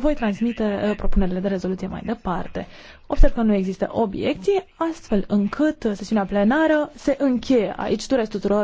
voi transmite uh, propunerile de rezoluție mai departe. Observ că nu există obiecții, astfel încât uh, sesiunea plenară se încheie aici. Tu tuturor